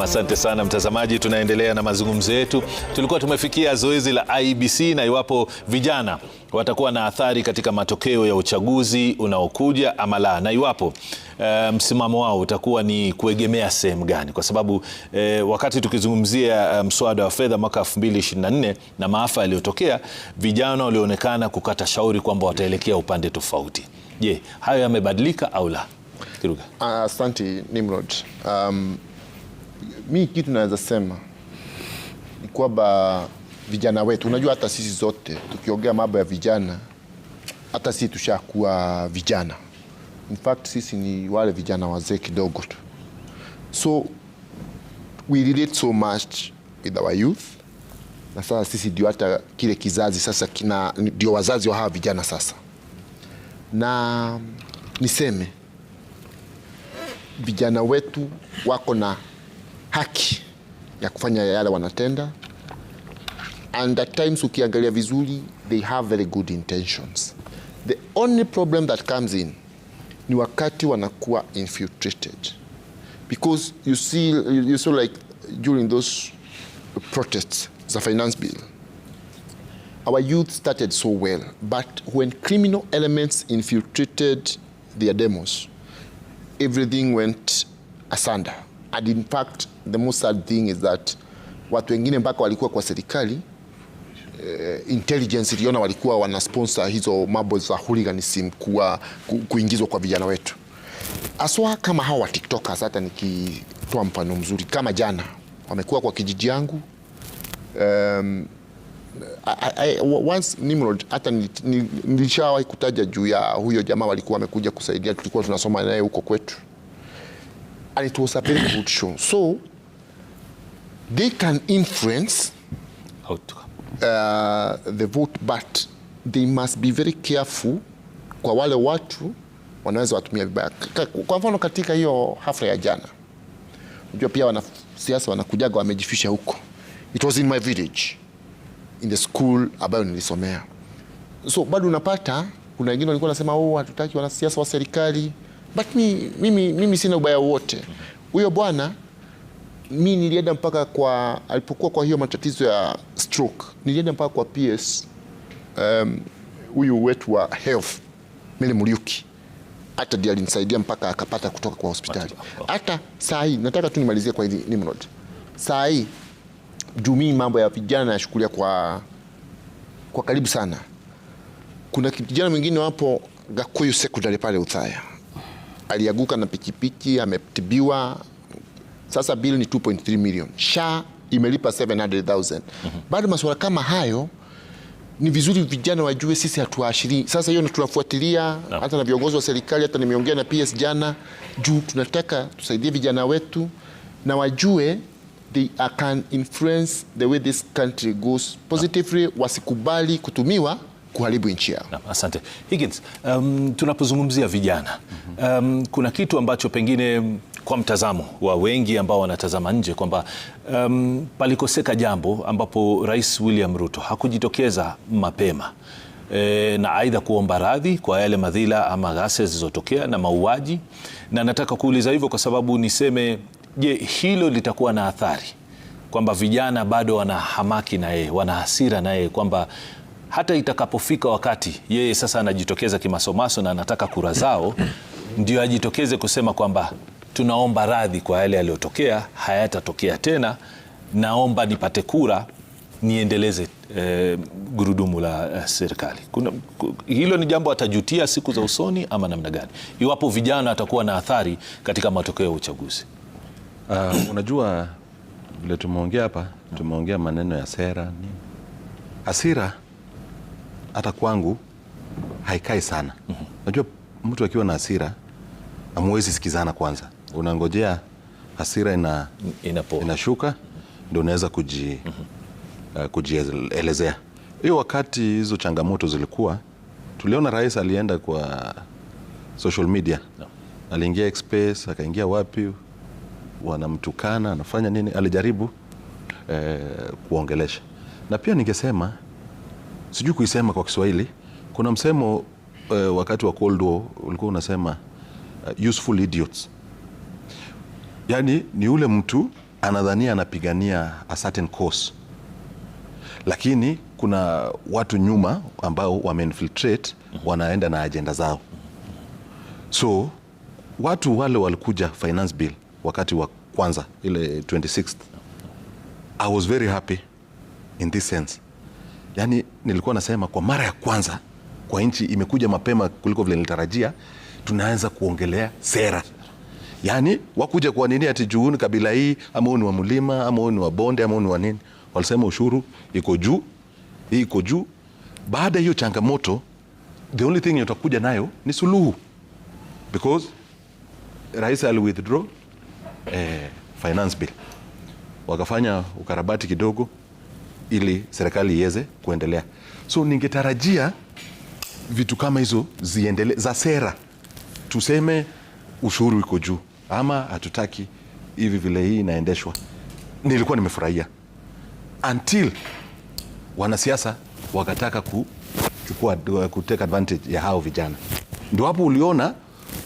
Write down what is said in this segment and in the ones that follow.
Naam, asante sana mtazamaji, tunaendelea na mazungumzo yetu. Tulikuwa tumefikia zoezi la IEBC na iwapo vijana watakuwa na athari katika matokeo ya uchaguzi unaokuja ama la, na iwapo e, msimamo wao utakuwa ni kuegemea sehemu gani, kwa sababu e, wakati tukizungumzia eh, mswada wa fedha mwaka 2024 na maafa yaliyotokea, vijana walionekana kukata shauri kwamba wataelekea upande tofauti. Je, hayo yamebadilika au la? Asante uh, Nimrod. Um, mi kitu naweza sema ni kwamba vijana wetu, unajua hata sisi zote tukiongea mambo ya vijana, hata sisi tushakuwa vijana. In fact sisi ni wale vijana wazee kidogo tu, so we relate so much with our youth, na sasa sisi ndio hata kile kizazi sasa kina ndio wazazi wa hawa vijana sasa, na niseme vijana wetu wako na haki ya kufanya yale wanatenda, and at times ukiangalia vizuri they have very good intentions. The only problem that comes in ni wakati wanakuwa infiltrated because you see, you saw like during those protests the finance bill our youth started so well but when criminal elements infiltrated their demos everything went asunder and in fact the most sad thing is that watu wengine mpaka walikuwa kwa serikali uh, intelligence iliona walikuwa wana sponsor hizo mambo za hooliganism kuwa kuingizwa kwa vijana wetu aswa kama hawa TikTokers. Hata nikitoa mfano mzuri kama jana wamekuwa kwa kijiji yangu um, I, I, once Nimrod hata nilishawahi kutaja juu ya huyo jamaa walikuwa wamekuja kusaidia, tulikuwa tunasoma naye huko kwetu and it was a very good show. So they can influence uh, the vote, but they must be very careful kwa wale watu wanaweza watumia vibaya. Kwa mfano katika hiyo hafla ya jana, unajua pia wanasiasa wanakujaga wamejifisha huko. It was in my village in the school ambayo nilisomea, so bado unapata kuna wengine walikuwa wanasema oh, hatutaki wanasiasa wa serikali but mi, mimi, mimi sina ubaya wote huyo bwana mi nilienda mpaka kwa alipokuwa kwa hiyo matatizo ya stroke, nilienda mpaka kwa PS um, huyu um, wetu wa health Mele mliuki hata ndiye alinisaidia mpaka akapata kutoka kwa hospitali. Hata saa hii nataka tu nimalizie kwa hili Nimrod, saa hii jumii mambo ya vijana nayashughulia kwa, kwa karibu sana. Kuna kijana mwingine wapo Gakuyu sekondari pale Uthaya aliaguka na pikipiki, ametibiwa. Sasa bill ni 2.3 million, SHA imelipa 700,000. Mm -hmm. Bado masuala kama hayo ni vizuri vijana wajue, sisi hatuashiri. Sasa hiyo tunafuatilia no. hata na viongozi wa serikali, hata nimeongea na PS jana juu, tunataka tusaidie vijana wetu na wajue they can influence the way this country goes positively no. wasikubali kutumiwa kuharibu nchi yao. asante Higgins, um, tunapozungumzia vijana um, kuna kitu ambacho pengine kwa mtazamo wa wengi ambao wanatazama nje kwamba um, palikoseka jambo ambapo Rais William Ruto hakujitokeza mapema E, na aidha kuomba radhi kwa yale madhila ama ghasia zilizotokea na mauaji, na nataka kuuliza hivyo kwa sababu niseme, je, hilo litakuwa na athari kwamba vijana bado wana hamaki na yeye, wana hasira na yeye kwamba hata itakapofika wakati yeye sasa anajitokeza kimasomaso na anataka kura zao, ndio ajitokeze kusema kwamba tunaomba radhi kwa yale yaliyotokea, hayatatokea tena, naomba nipate kura niendeleze eh, gurudumu la eh, serikali. Kuna, hilo ni jambo atajutia siku za usoni ama namna gani, iwapo vijana atakuwa na athari katika matokeo ya uchaguzi? Uh, unajua vile tumeongea hapa, tumeongea maneno ya sera, hasira hata kwangu haikai sana. Unajua mm -hmm. mtu akiwa na hasira amwezi sikizana kwanza, unangojea hasira ina, inapo. inashuka ndio unaweza kuji, mm -hmm. uh, kujielezea. Hiyo wakati hizo changamoto zilikuwa, tuliona rais alienda kwa social media no. aliingia Express akaingia wapi, wanamtukana anafanya nini, alijaribu eh, kuongelesha na pia ningesema sijui kuisema kwa Kiswahili. Kuna msemo uh, wakati wa Cold War ulikuwa unasema uh, useful idiots, yani ni ule mtu anadhania anapigania a certain cause, lakini kuna watu nyuma ambao wameinfiltrate, wanaenda na ajenda zao. So watu wale walikuja finance bill wakati wa kwanza ile 26th. I was very happy in this sense yani nilikuwa nasema kwa mara ya kwanza kwa nchi imekuja mapema kuliko vile nilitarajia, tunaanza kuongelea sera yani wakuja kwa nini ati juu kabila hii ama ni wa mlima ama ni wa bonde ama ni wa nini? Walisema ushuru iko juu, hii iko juu. Baada hiyo changamoto, the only thing utakuja nayo ni suluhu, because rais ali withdraw eh, finance bill, wakafanya ukarabati kidogo ili serikali iweze kuendelea. So ningetarajia vitu kama hizo ziendelee za sera, tuseme ushuru iko juu ama hatutaki hivi vile hii inaendeshwa. Nilikuwa nimefurahia until wanasiasa wakataka kuchukua uh, kuteka advantage ya hao vijana, ndio hapo uliona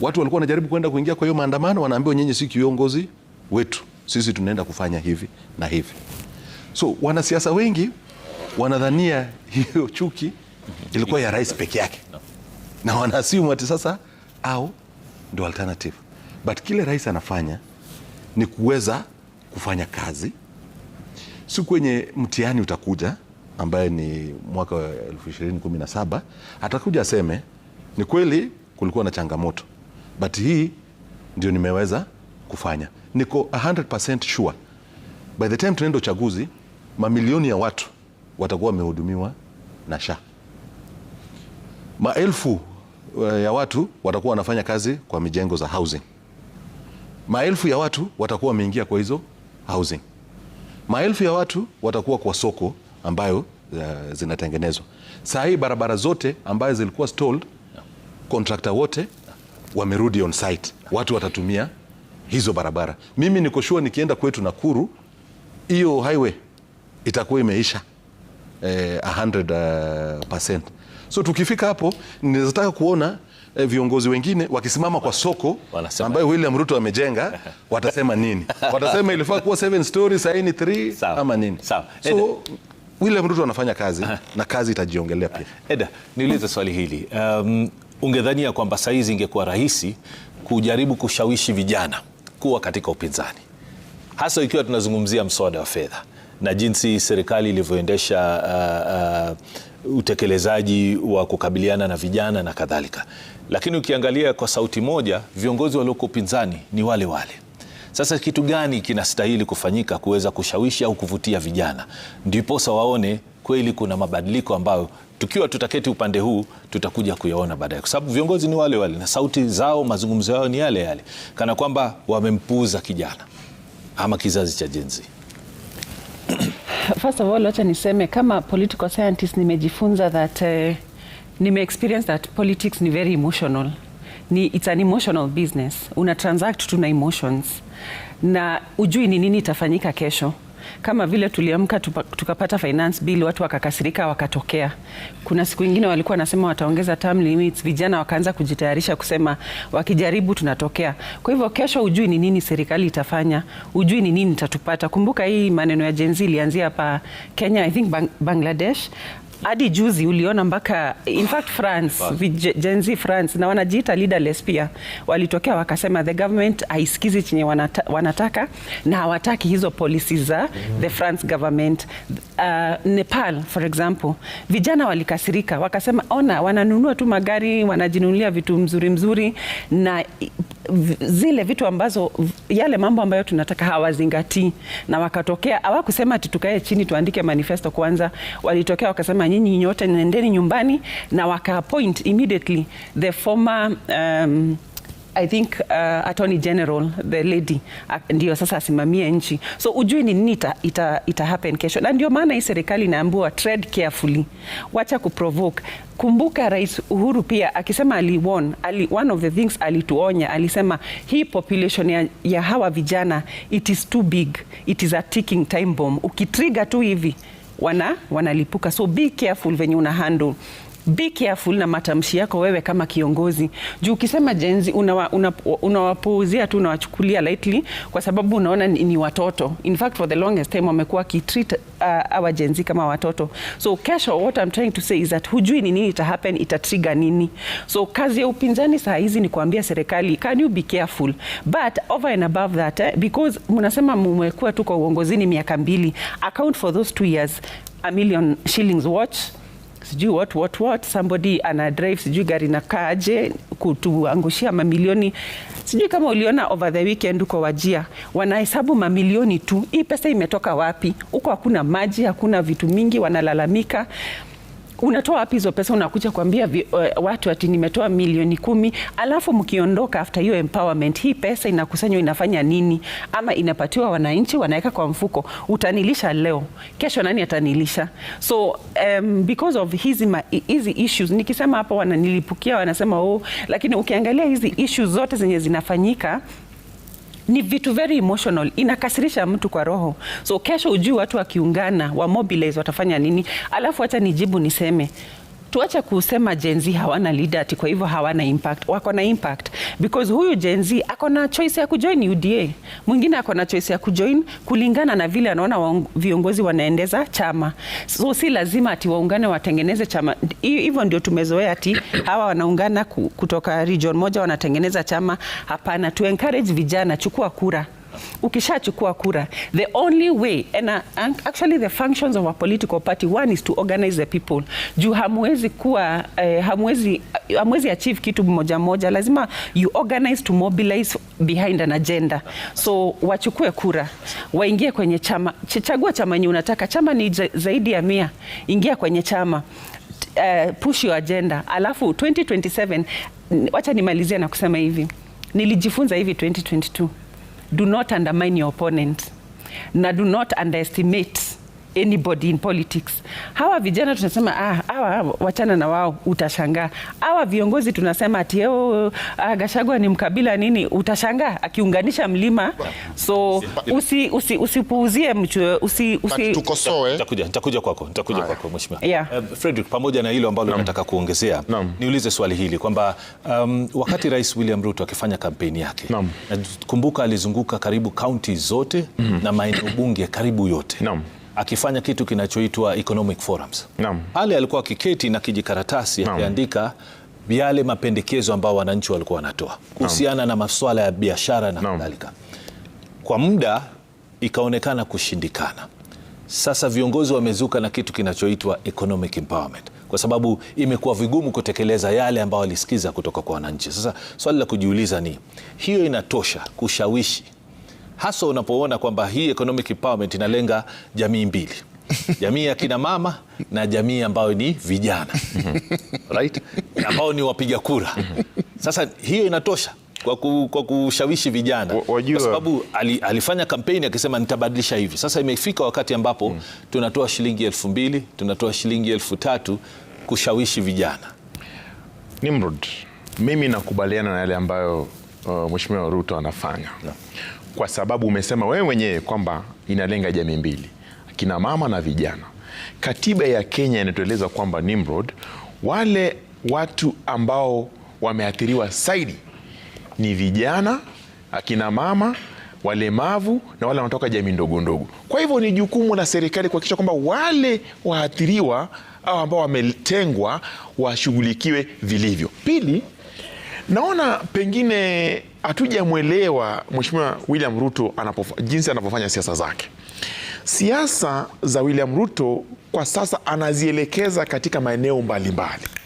watu walikuwa wanajaribu kwenda kuingia kwa hiyo maandamano, wanaambiwa nyinyi si kiongozi wetu, sisi tunaenda kufanya hivi na hivi. So wanasiasa wengi wanadhania hiyo chuki ilikuwa ya rais peke yake na wanaasimu ati sasa au ndo alternative, but kile rais anafanya ni kuweza kufanya kazi, si kwenye mtihani utakuja ambaye ni mwaka wa 2017 atakuja aseme ni kweli kulikuwa na changamoto, but hii ndio nimeweza kufanya, niko 100% sure by the time tunaenda uchaguzi mamilioni ya watu watakuwa wamehudumiwa na SHA, maelfu eh, ya watu watakuwa wanafanya kazi kwa mijengo za housing, maelfu ya watu watakuwa wameingia kwa hizo housing, maelfu ya watu watakuwa kwa soko ambayo eh, zinatengenezwa saa hii. Barabara zote ambazo zilikuwa stalled, kontrakta wote wamerudi on site, watu watatumia hizo barabara. Mimi niko sure nikienda kwetu Nakuru hiyo highway itakuwa imeisha eh, 100%. Eh, so tukifika hapo ninataka kuona eh, viongozi wengine wakisimama kwa soko wanasema, ambayo William Ruto amejenga watasema nini? Watasema ilifaa kuwa 7 story saini 3 ama nini? Sawa. So William Ruto anafanya kazi na kazi itajiongelea pia. Eda, niulize swali hili. Um, ungedhania kwamba saizi ingekuwa rahisi kujaribu kushawishi vijana kuwa katika upinzani hasa ikiwa tunazungumzia mswada wa fedha na jinsi serikali ilivyoendesha uh, uh, utekelezaji wa kukabiliana na vijana na kadhalika, lakini ukiangalia kwa sauti moja, viongozi walioko upinzani ni wale wale. Sasa kitu gani kinastahili kufanyika kuweza kushawishi au kuvutia vijana, ndiposa waone kweli kuna mabadiliko ambayo tukiwa tutaketi upande huu tutakuja kuyaona baadaye, kwa sababu viongozi ni wale wale na sauti zao, mazungumzo yao ni yale yale, kana kwamba wamempuuza kijana ama kizazi cha jenzi. First of all, wacha niseme kama political scientist nimejifunza that uh, eh, nime experience that politics ni very emotional. Ni it's an emotional business. Una transact tuna emotions. Na ujui ni nini itafanyika kesho kama vile tuliamka tukapata finance bill, watu wakakasirika, wakatokea. Kuna siku ingine walikuwa nasema wataongeza term limits, vijana wakaanza kujitayarisha kusema wakijaribu tunatokea. Kwa hivyo kesho hujui ni nini serikali itafanya, hujui ni nini itatupata. Kumbuka hii maneno ya Gen Z ilianzia hapa Kenya, I think Bangladesh hadi juzi uliona mpaka in fact France Gen Z France na wanajiita leaderless pia walitokea wakasema the government haisikizi chenye wanata, wanataka na hawataki hizo policies za mm -hmm. the France government uh, Nepal for example vijana walikasirika wakasema, ona wananunua tu magari wanajinunulia vitu mzuri mzuri na zile vitu ambazo yale mambo ambayo tunataka hawazingatii, na wakatokea, hawakusema ati tukae chini tuandike manifesto kwanza. Walitokea wakasema nyinyi nyote nendeni nyumbani, na wakaappoint immediately the former um, I think uh, Attorney General the lady ndio sasa asimamie nchi, so ujui ni nini ita, ita, ita happen kesho, na ndio maana hii serikali inaambiwa tread carefully, wacha kuprovoke. Kumbuka Rais Uhuru pia akisema ali warn, ali, one of the things alituonya alisema hii population ya, ya hawa vijana it is too big, it is a ticking time bomb, ukitrigger tu hivi wana wanalipuka, so be careful venye una handle be careful na matamshi yako wewe kama kiongozi, juu ukisema jenzi unawapuuzia una, una tu unawachukulia lightly kwa sababu unaona ni, ni watoto. In fact for the longest time wamekuwa akitreat uh, our jenzi kama watoto. So kesho, what I'm trying to say is that hujui ni nini ita happen, ita trigger nini. So kazi ya upinzani saa hizi ni kuambia serikali can you be careful, but over and above that eh, because mnasema mmekuwa tu kwa uongozini miaka mbili, account for those two years a million shillings watch sijui what, what, what, somebody ana drive sijui gari na kaje kutuangushia mamilioni. Sijui kama uliona over the weekend uko Wajia, wanahesabu mamilioni tu. Hii pesa imetoka wapi? Huko hakuna maji, hakuna vitu mingi, wanalalamika unatoa wapi hizo pesa? Unakuja kuambia uh, watu ati nimetoa milioni kumi, alafu mkiondoka after hiyo empowerment, hii pesa inakusanywa inafanya nini? Ama inapatiwa wananchi, wanaweka kwa mfuko. Utanilisha leo, kesho nani atanilisha? So um, because of hizi hizi issues, nikisema hapo wananilipukia, wanasema oh, lakini ukiangalia hizi issues zote zenye zinafanyika ni vitu very emotional, inakasirisha mtu kwa roho. So kesho ujui watu wakiungana wa mobilize watafanya nini. Alafu acha nijibu niseme tuache kusema Gen Z hawana leader ati kwa hivyo hawana impact. Wako na impact because huyu Gen Z ako na choice ya kujoin UDA, mwingine ako na choice ya kujoin kulingana na vile anaona viongozi wanaendeza chama, so si lazima ati waungane watengeneze chama. Hivyo ndio tumezoea ati hawa wanaungana kutoka region moja wanatengeneza chama. Hapana, tu encourage vijana, chukua kura ukishachukua kura the only way and, uh, and actually the functions of a political party one is to organize the people juu hamwezi kuwa uh, eh, hamwezi hamwezi achieve kitu mmoja mmoja lazima you organize to mobilize behind an agenda. So wachukue kura, waingie kwenye chama, chagua chama yenye unataka. Chama ni zaidi ya mia, ingia kwenye chama uh, push your agenda, alafu 2027 wacha nimalizie na kusema hivi, nilijifunza hivi 2022 do not undermine your opponent na do not underestimate anybody in politics. Hawa vijana tunasema ah, hawa wachana na wao, utashangaa. Hawa viongozi tunasema ati yo oh, ah, Gashagwa ni mkabila nini, utashangaa akiunganisha mlima. So usi, usi, usipuuzie usi, usi... Tukosoe. Nitakuja nitakuja kwako nitakuja kwako mheshimiwa. Yeah. Uh, Frederick, pamoja na hilo ambalo nataka kuongezea Naam. niulize swali hili kwamba um, wakati Rais William Ruto akifanya kampeni yake Naam. nakumbuka alizunguka karibu kaunti zote mm -hmm. na maeneo bunge karibu yote Naam akifanya kitu kinachoitwa economic forums. Naam. Ale alikuwa akiketi na kijikaratasi akiandika yale mapendekezo ambayo wananchi walikuwa wanatoa kuhusiana na masuala ya biashara na kadhalika. Kwa muda ikaonekana kushindikana. Sasa viongozi wamezuka na kitu kinachoitwa economic empowerment, kwa sababu imekuwa vigumu kutekeleza yale ambayo walisikiza kutoka kwa wananchi. Sasa swali la kujiuliza ni hiyo inatosha kushawishi hasa unapoona kwamba hii economic empowerment inalenga jamii mbili jamii ya kina mama na jamii ambayo ni vijana right? ambao ni wapiga kura. Sasa hiyo inatosha kwa, ku, kwa kushawishi vijana kwa sababu ali, alifanya kampeni akisema nitabadilisha hivi. Sasa imefika wakati ambapo mm. tunatoa shilingi elfu mbili tunatoa shilingi elfu tatu kushawishi vijana. Nimrod, mimi nakubaliana na yale ambayo uh, mweshimiwa Ruto anafanya no kwa sababu umesema wewe mwenyewe kwamba inalenga jamii mbili, akina mama na vijana. Katiba ya Kenya inatueleza kwamba Nimrod, wale watu ambao wameathiriwa zaidi ni vijana, akina mama, walemavu na wale wanatoka jamii ndogo ndogo. Kwa hivyo ni jukumu la serikali kuhakikisha kwamba wale waathiriwa au ambao wametengwa washughulikiwe vilivyo. Pili, Naona pengine hatujamwelewa Mheshimiwa William Ruto anapofa, jinsi anavyofanya siasa zake. Siasa za William Ruto kwa sasa anazielekeza katika maeneo mbalimbali mbali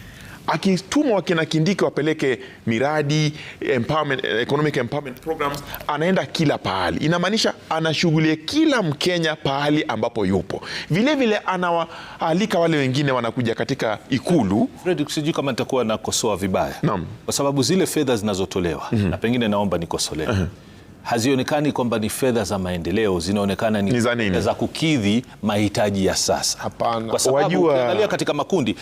akitumwa wakina Kindiki wapeleke miradi empowerment, economic empowerment programs, anaenda kila pahali. Inamaanisha anashughulia kila Mkenya pahali ambapo yupo. Vilevile anawaalika wale wengine wanakuja katika Ikulu. sijui kama nitakuwa nakosoa vibaya Naam. kwa sababu zile fedha zinazotolewa mm -hmm. na pengine naomba nikosolewe uh mhm. -huh hazionekani kwamba ni fedha za maendeleo, zinaonekana ni za kukidhi mahitaji ya sasa. Hapana, kwa sababu ukiangalia katika makundi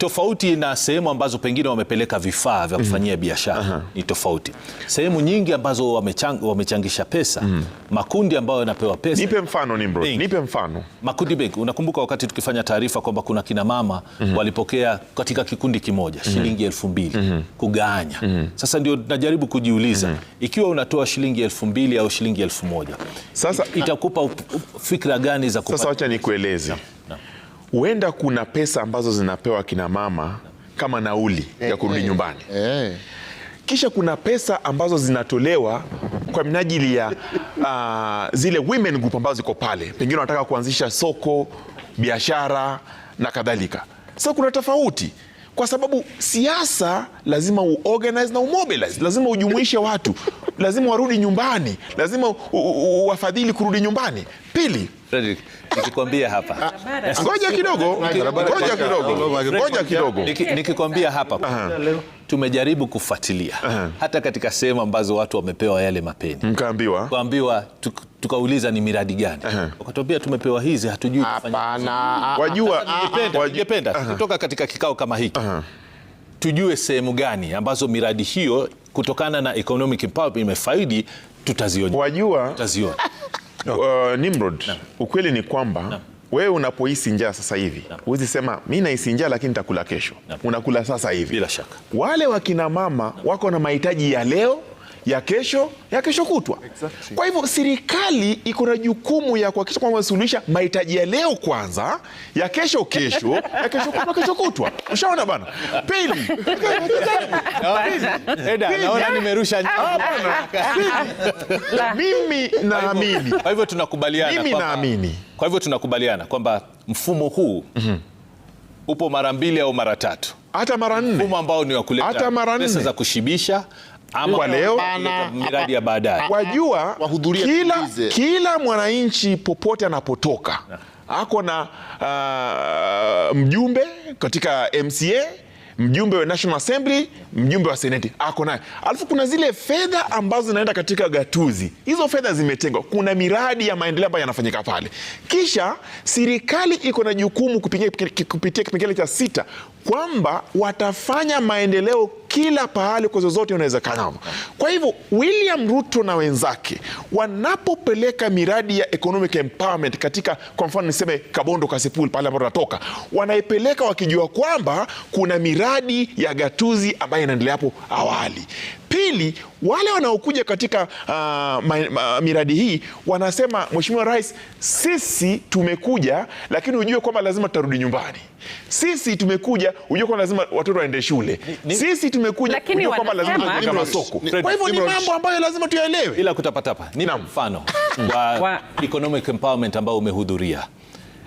tofauti na sehemu ambazo pengine wamepeleka vifaa vya mhm. kufanyia mm. biashara Ni tofauti sehemu nyingi ambazo wamechang, wamechangisha pesa mm. makundi ambayo yanapewa pesa. Nipe mfano Nimrod, nipe mfano makundi benki. Unakumbuka wakati tukifanya taarifa kwamba kuna kina mama mm -hmm. walipokea katika kikundi kimoja mm -hmm. shilingi elfu mbili mm -hmm. kugawanya mm -hmm. Sasa ndio najaribu kujiuliza mm -hmm. ikiwa unatoa shilingi elfu mbili au shilingi elfu moja sasa itakupa fikra gani za kupata? Sasa acha nikueleze huenda kuna pesa ambazo zinapewa kina mama kama nauli ya eh, kurudi eh, nyumbani, eh. kisha kuna pesa ambazo zinatolewa kwa minajili ya uh, zile women group ambazo ziko pale, pengine wanataka kuanzisha soko, biashara na kadhalika. Sasa kuna tofauti kwa sababu siasa lazima uorganize na umobilize, lazima ujumuishe watu, lazima warudi nyumbani, lazima wafadhili kurudi nyumbani. Pili, nikikwambia hapa, ngoja kidogo, ngoja kidogo, ngoja kidogo, nikikwambia hapa tumejaribu kufuatilia uh -huh. hata katika sehemu ambazo watu wamepewa yale mapeni, mkaambiwa kaambiwa, tukauliza ni miradi gani? uh -huh. Wakatuambia tumepewa hizi, hatujui kufanya. Wajua, ningependa kutoka katika kikao kama hiki uh -huh. tujue sehemu gani ambazo miradi hiyo kutokana na economic empowerment imefaidi, tutaziona. Wajua, tutaziona. Uh, Nimrod, ukweli ni kwamba na wewe unapohisi njaa sasa hivi huwezi sema mi nahisi njaa lakini nitakula kesho. Unakula sasa hivi. Bila shaka wale wakina mama wako na mahitaji ya leo ya kesho ya kesho kutwa exactly. Kwa hivyo serikali iko na jukumu ya kuhakikisha kwamba suluhisha mahitaji ya leo kwanza, ya kesho kesho, ya kesho kutwa kesho kutwa. Ushaona bana. Pili, Eda, naona nimerusha mimi naamini. Kwa hivyo tunakubaliana, mimi naamini. Kwa hivyo tunakubaliana kwamba mfumo huu mm -hmm. upo mara mbili au mara tatu, hata mara nne, mfumo ambao ni wa kuleta pesa za kushibisha kwa leo miradi ya baadaye. Wajua kila, kila mwananchi popote anapotoka ako na uh, mjumbe katika MCA mjumbe wa National Assembly, mjumbe wa Seneti ako naye. Alafu kuna zile fedha ambazo zinaenda katika gatuzi, hizo fedha zimetengwa, kuna miradi ya maendeleo ambayo yanafanyika pale. Kisha serikali iko na jukumu kupitia kipengele cha sita kwamba watafanya maendeleo kila pahali kwa zozote inawezekanavyo. Kwa hivyo William Ruto na wenzake wanapopeleka miradi ya economic empowerment katika, kwa mfano niseme Kabondo Kasipul pale ambapo natoka, wanaipeleka wakijua kwamba kuna miradi ya gatuzi ambayo inaendelea hapo awali Pili, wale wanaokuja katika uh, ma, ma, miradi hii wanasema, Mheshimiwa Rais, sisi tumekuja, lakini ujue kwamba lazima tutarudi nyumbani. Sisi tumekuja, ujue kwamba lazima watoto waende shule. Sisi tumekuja, ujue kwamba lazima tuende masoko. Kwa hivyo ni mambo ambayo lazima tuyaelewe. Ila kutapatapa ni mfano wa economic empowerment ambao umehudhuria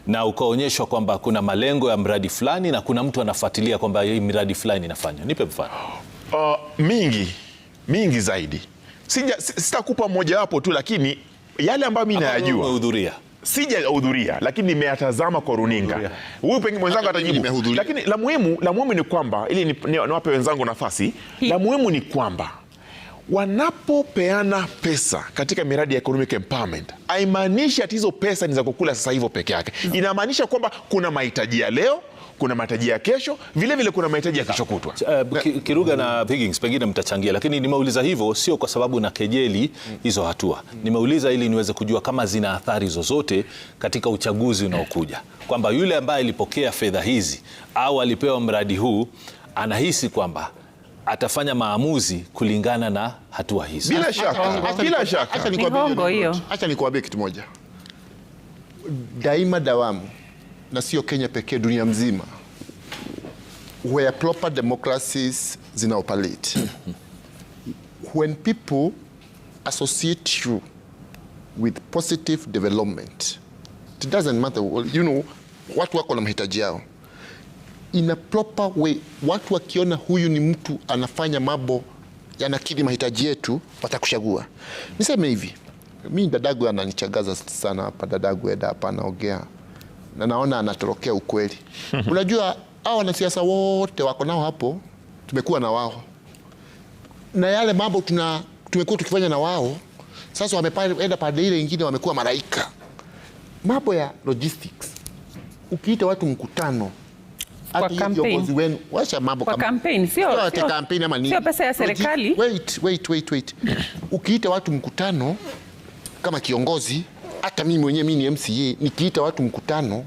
na ukaonyeshwa kwamba kuna malengo ya mradi fulani na kuna mtu anafuatilia kwamba hii miradi fulani inafanywa. Nipe mfano. Uh, mingi mingi zaidi. Sija, sitakupa mojawapo tu, lakini yale ambayo mi nayajua sijahudhuria lakini nimeyatazama kwa runinga. Huyu pengine mwenzangu atajibu, lakini la muhimu la muhimu ni kwamba ili niwape wenzangu nafasi, la muhimu ni kwamba wanapopeana pesa katika miradi ya economic empowerment haimaanishi ati hizo pesa ni za kukula sasa hivyo peke yake. Mm. Inamaanisha kwamba kuna mahitaji ya leo kuna mahitaji ya kesho vile vile kuna mahitaji ya kesho kutwa. Uh, Kiruga na Higgins, pengine mtachangia, lakini nimeuliza hivyo sio kwa sababu na kejeli hizo hatua, nimeuliza ili niweze kujua kama zina athari zozote katika uchaguzi unaokuja, kwamba yule ambaye alipokea fedha hizi au alipewa mradi huu anahisi kwamba atafanya maamuzi kulingana na hatua hizi. Bila shaka, bila shaka. Acha nikwambie kitu moja, daima dawamu, na sio Kenya pekee, dunia mzima where proper democracies zina operate when people associate you with positive development it doesn't matter well, you know watu wako na mahitaji yao in a proper way. Watu wakiona huyu ni mtu anafanya mambo yanakidhi mahitaji yetu watakuchagua. Niseme hivi, mi dadagu ananichagaza sana hapa, dadagu Eda hapa anaongea na naona anatorokea ukweli unajua hao wanasiasa wote wako nao hapo, tumekuwa na wao na yale mambo tuna tumekuwa tukifanya na wao. Sasa wameenda pande ile nyingine, wamekuwa malaika. Mambo ya logistics, ukiita watu mkutano viongozi wenu washa mambo kwa kampeni, sio sio kampeni ama nini, sio pesa ya serikali. Wait, wait, wait, wait. Ukiita watu mkutano kama kiongozi, hata mimi mwenyewe mimi ni MCA, nikiita watu mkutano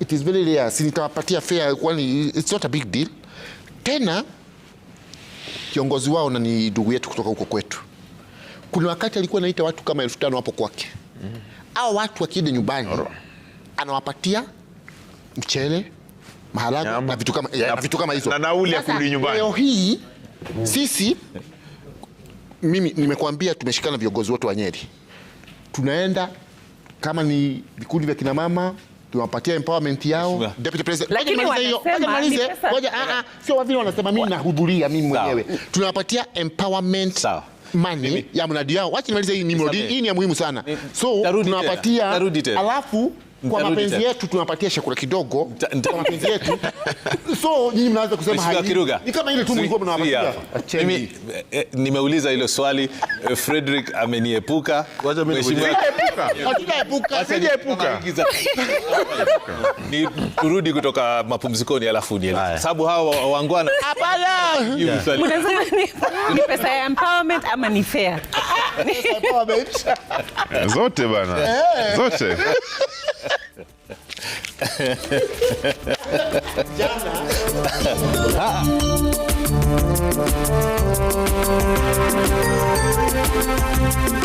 it is very rare, si nitawapatia fair, kwani it's not a big deal. Tena kiongozi wao na ni ndugu yetu kutoka huko kwetu, kuna wakati alikuwa anaita watu kama elfu tano hapo kwake mm au watu wakija nyumbani anawapatia mchele, maharagwe yeah, na vitu kama yeah, na vitu kama hizo na nauli ya kurudi nyumbani. Leo hii mm. sisi mimi nimekuambia, tumeshikana viongozi wote wa Nyeri, tunaenda kama ni vikundi vya kinamama tunawapatia empowerment yao deputy president. Lakini wanasema ngoja, a a, Sio wavile wanasema, mimi nahudhuria mimi mwenyewe, tunawapatia empowerment sawa mani ya mradi yao. Wacha nimalize hii, ni hii ni ya muhimu sana, so tunawapatia alafu kwa mapenzi yetu tunapatia chakula kidogo kwa mapenzi yetu. So nyinyi mnaanza kusema hayo ni kama ile tu mlikuwa mnawapatia. Mimi eh, eh, nimeuliza hilo swali, eh, Frederick ameniepuka. Wacha mimi epuka, epuka. hatuna sije Ni turudi kutoka mapumzikoni, alafu ni sababu hawa wangwana. Ni pesa ya empowerment ama ni fair? Zote bana, zote. Jana. Dạ.